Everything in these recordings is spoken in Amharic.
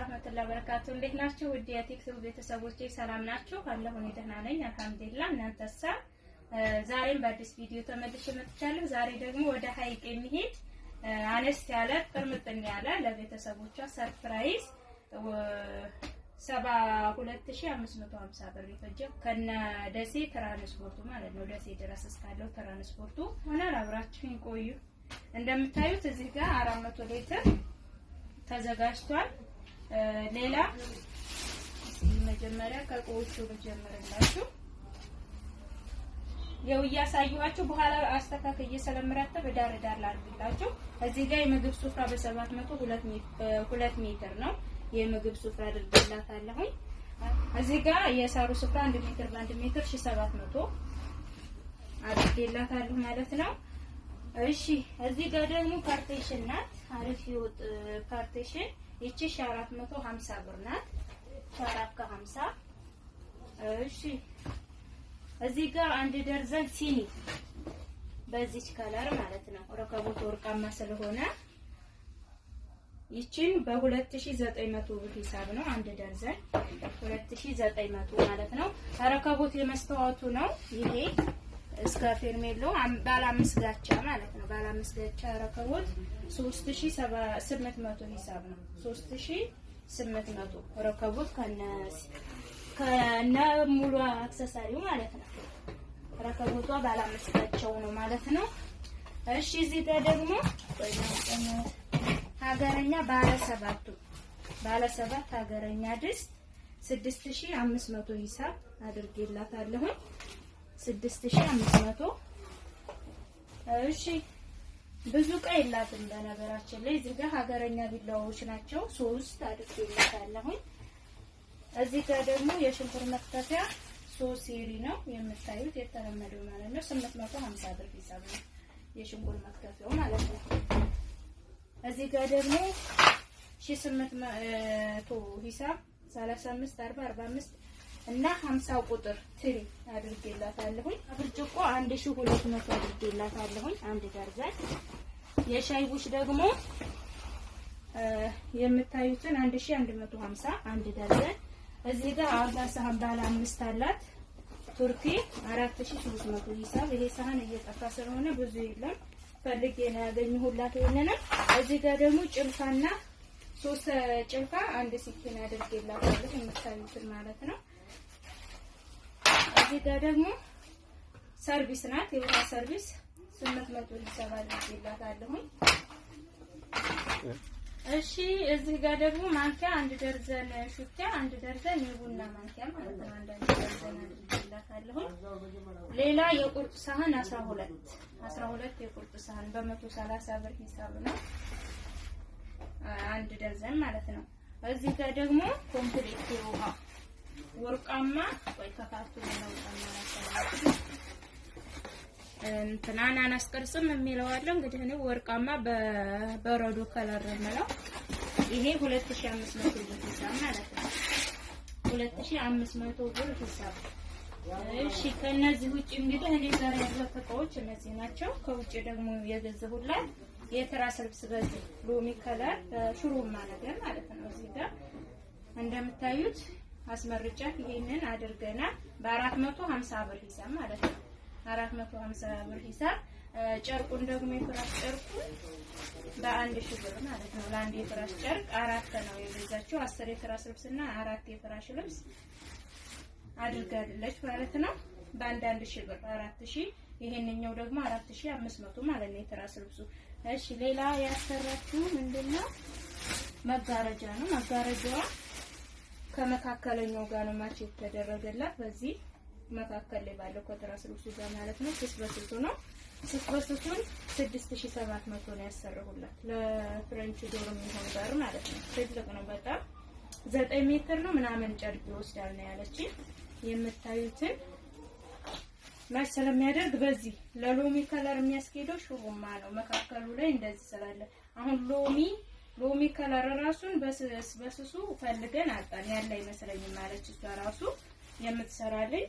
ወረህመቱላሂ ወበረካቱ። እንዴት ናችሁ? ውድ የቲክቶክ ቤተሰቦቼ ሰላም ናችሁ? ካለሁ እኔ ደህና ነኝ አልሐምዱሊላህ። እናንተሳ? ዛሬም በአዲስ ቪዲዮ ተመልሼ መጥቻለሁ። ዛሬ ደግሞ ወደ ሀይቅ የሚሄድ አነስ ያለ ቅርምጥን ያለ ለቤተሰቦቿ ሰርፕራይዝ 72550 ብር የፈጀ ከነ ደሴ ትራንስፖርቱ ማለት ነው። ደሴ ድረስ እስካለው ትራንስፖርቱ ሆነ። አብራችሁኝ ቆዩ። እንደምታዩት እዚህ ጋር 400 ሊትር ተዘጋጅቷል። ሌላ መጀመሪያ ከቆዎቹ ብጀምርላችሁ ያው እያሳየኋችሁ በኋላ አስተካከ ስለምረጥብ በዳር ዳር ላድርግላችሁ። እዚህ ጋር የምግብ ሱፍራ በ700 2 ሜትር ነው የምግብ ሱፍራ አድርግላታለሁኝ። እዚህ ጋር የሳሩ ስፍራ 1 ሜትር በ1 ሜትር ሺህ ሰባት መቶ ማለት ነው። እሺ እዚህ ጋር ደግሞ ፓርቴሽን ናት። አሪፍ ይወጥ ፓርቴሽን ይቺ ሺ አራት መቶ ሀምሳ ብር ናት። ሺህ አራት ከሀምሳ እሺ። እዚህ ጋር አንድ ደርዘን ሲኒ በዚች ከለር ማለት ነው። ረከቦት ወርቃማ ስለሆነ ይቺን በ2900 ብር ሂሳብ ነው። አንድ ደርዘን 2900 ማለት ነው። ረከቦት የመስተዋቱ ነው ይሄ እስከ ፌርሜሎ ባለ አምስት ጋቻ ማለት ነው። ባለ አምስት ጋቻ ረከቦት 3800 ሂሳብ ነው። 3800 ረከቦት ከነ ከነ ሙሉ አክሰሳሪው ማለት ነው። ረከቦቷ ባለ አምስት ጋቻው ነው ማለት ነው። እሺ እዚህ ጋር ደግሞ ሀገረኛ ባለ ሰባቱ ባለ ሰባት ሀገረኛ ድስት 6500 ሂሳብ አድርጌላታለሁ። ስድስት ሺህ አምስት መቶ እሺ። ብዙ ቀይ የላትም በነገራችን ላይ እዚህ ጋር ሀገረኛ ቢላዎች ናቸው። ሶስት አድርጌላታለሁኝ። እዚህ ጋር ደግሞ የሽንኩርት መክተፊያ ሶስት ሴሪ ነው የምታዩት፣ የተለመደው ማለት ነው። ስምንት መቶ ሀምሳ ብር ሂሳብ ነው የሽንኩርት መክተፊያው ማለት ነው። እዚህ ጋር ደግሞ ሺህ ስምንት መቶ ሂሳብ ሰላሳ አምስት አርባ አርባ አምስት እና 50 ቁጥር ትሪ አድርጌላታለሁኝ። ብርጭቆ 1200 አድርጌላታለሁኝ አንድ ደርዘን። የሻይ ቡሽ ደግሞ የምታዩትን 1150 አንድ ደርዘን። እዚህ ጋር አባ ሳህን ባለ አምስት አላት ቱርኪ 4300 ሂሳብ። ይሄ ሳህን እየጠፋ ስለሆነ ብዙ የለም ፈልጌ ነው ያገኘሁላት። ይሄንን እዚህ ጋር ደግሞ ጭልፋና ሶስት ጭልፋ አንድ ሲኪን አድርጌላታለሁ የምታዩትን ማለት ነው። እዚህ ጋር ደግሞ ሰርቪስ ናት። የውሃ ሰርቪስ ስምንት መቶ ሰባ ይላታለሁኝ። እሺ እዚህ ጋር ደግሞ ማንኪያ አንድ ደርዘን ሹኪያ አንድ ደርዘን የቡና ማንኪያ ማለት ነው። አንድ ደርዘን አድርጌላታለሁኝ። ሌላ የቁርጥ ሳህን 12 12 የቁርጥ ሳህን በ130 ብር ሂሳብ ነው አንድ ደርዘን ማለት ነው። እዚህ ጋር ደግሞ ኮምፕሌት የውሃ ወርቃማ ወይ ከፋቱ እንትና አናናስ ቅርጽም የሚለው አለ። እንግዲህ እኔ ወርቃማ በበረዶ ከለር የምለው ይሄ 2500 ብር ሂሳብ ማለት ነው። 2500 ብር ሂሳብ። እሺ ከነዚህ ውጪ እንግዲህ እኔ ጋር ያሉት እቃዎች እነዚህ ናቸው። ከውጪ ደግሞ የገዛሁላት የትራስ ልብስ በዚህ ሎሚ ከለር ሹሩማ ነገር ማለት ነው። እዚህ ጋር እንደምታዩት አስመርጫት ይሄንን አድርገናል በ450 ብር ሂሳብ ማለት ነው። 450 ብር ሂሳብ ጨርቁን ደግሞ የፍራሽ ጨርቁን በአንድ ሺህ ብር ማለት ነው። ለአንድ የፍራሽ ጨርቅ አራት ነው የገዛችው። አስር የትራስ ልብስና አራት የፍራሽ ልብስ አድርጋለች ማለት ነው። በአንድ ሺህ ብር አራት ሺህ ይሄንኛው ደግሞ አራት ሺህ አምስት መቶ ማለት ነው የትራስ ልብሱ። እሺ ሌላ ያሰራችው ምንድነው? መጋረጃ ነው። መጋረጃዋ ከመካከለኛው ጋር ነው ማች የተደረገላት በዚህ መካከል ላይ ባለው ኮንትራስሉሱ ጋር ማለት ነው። ስስ በስሱ ነው። ስስ በስሱን 6700 ነው ያሰርሁላት ለፍረንች ዶር የሚሆን ጋር ማለት ነው። ትልቅ ነው በጣም ዘጠኝ ሜትር ነው ምናምን ጨርቅ ይወስዳል ነው ያለች። የምታዩትን ማች ስለሚያደርግ በዚህ ለሎሚ ከለር የሚያስኬደው ሹሩማ ነው። መካከሉ ላይ እንደዚህ ስላለ አሁን ሎሚ ሎሚ ከለር ራሱን በስሱ ፈልገን አጣን ያለ አይመስለኝም ማለች እሷ ራሱ የምትሰራልኝ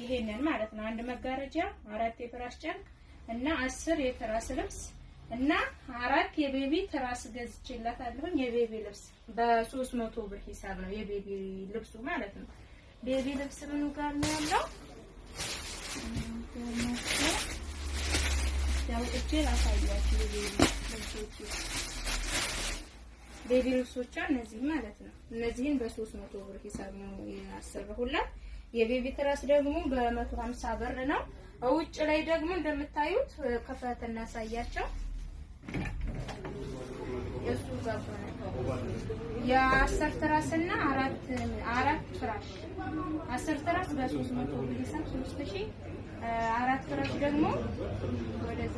ይሄንን ማለት ነው። አንድ መጋረጃ፣ አራት የፍራሽ ጨርቅ እና አስር የትራስ ልብስ እና አራት የቤቢ ትራስ ገዝቼላታለሁ። የቤቢ ልብስ በ300 ብር ሂሳብ ነው የቤቢ ልብሱ ማለት ነው። ቤቢ ልብስ ምን ጋር ነው ያለው? ያውጥቼ ላሳያችሁ። የቤቢ ልብሶች ቤቢ ልብሶቿ እነዚህ ማለት ነው። እነዚህን በ300 ብር ሂሳብ ነው ያሰራሁላት። የቤቢ ትራስ ደግሞ በመቶ ሀምሳ ብር ነው። ውጭ ላይ ደግሞ እንደምታዩት ክፈት እናሳያቸው የሱ የአስር ትራስ እና አራት አራት ፍራሽ አስር ትራስ በሶስት መቶ ሂሳብ ሶስት ሺ አራት ፍራሽ ደግሞ ወደዛ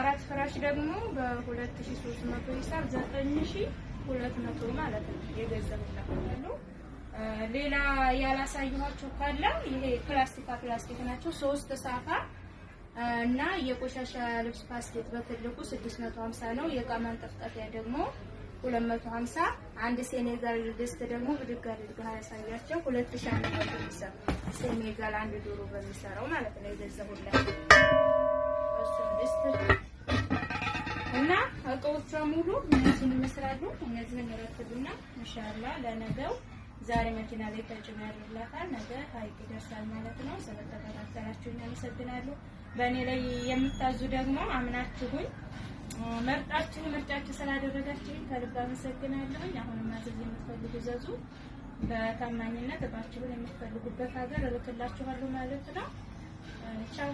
አራት ፍራሽ ደግሞ በሁለት ሺ ሶስት መቶ ሂሳብ ዘጠኝ ሺ ሁለት መቶ ማለት ነው ሌላ ያላሳየኋችሁ ካለ ይሄ ፕላስቲካ ፕላስቲክ ናቸው። ሶስት ሳፋ እና የቆሻሻ ልብስ ባስኬት በትልቁ 650 ነው። የእቃ ማንጠፍጠፊያ ደግሞ 250። አንድ ሴኔጋል ድስት ደግሞ ብድግ አድርጋ ያሳያቸው 2000 ነው የሚሰራ ሴኔጋል አንድ ዶሮ በሚሰራው ማለት ነው የገዛሁላችሁ ድስት እና እቃዎቿ ሙሉ እነዚህን ይመስላሉ። እነዚህን ረክቡና ኢንሻአላህ ለነገው ዛሬ መኪና ላይ ተጭኖ ያደርላታል። ነገ ሀይቅ ይደርሳል ማለት ነው። ስለተከታተላችሁ እናመሰግናለሁ። በእኔ ላይ የምታዙ ደግሞ አምናችሁኝ መርጣችሁ ምርጫችሁ ስላደረጋችሁኝ ከልብ አመሰግናለሁኝ። አሁንም ማዘዝ የምትፈልጉ ዘዙ። በታማኝነት እባችሁን የምትፈልጉበት ሀገር እልክላችኋለሁ ማለት ነው። ቻው